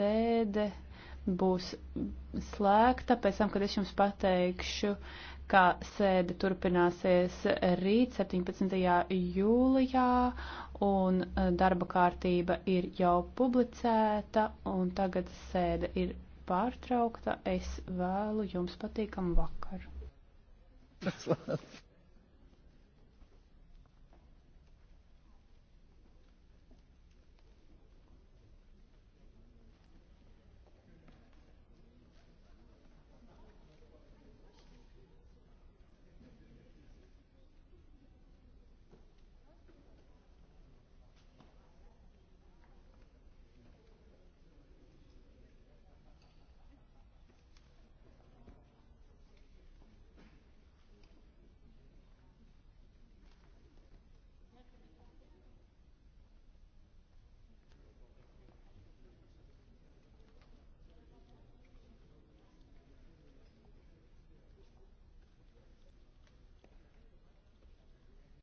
sēde būs slēgta pēc tam, kad es jums pateikšu, kā sēde turpināsies rīt 17. jūlijā un eh, darba kārtība ir jau publicēta un tagad sēde ir pārtraukta. Es vēlu jums patīkamu vakaru. Tas labi.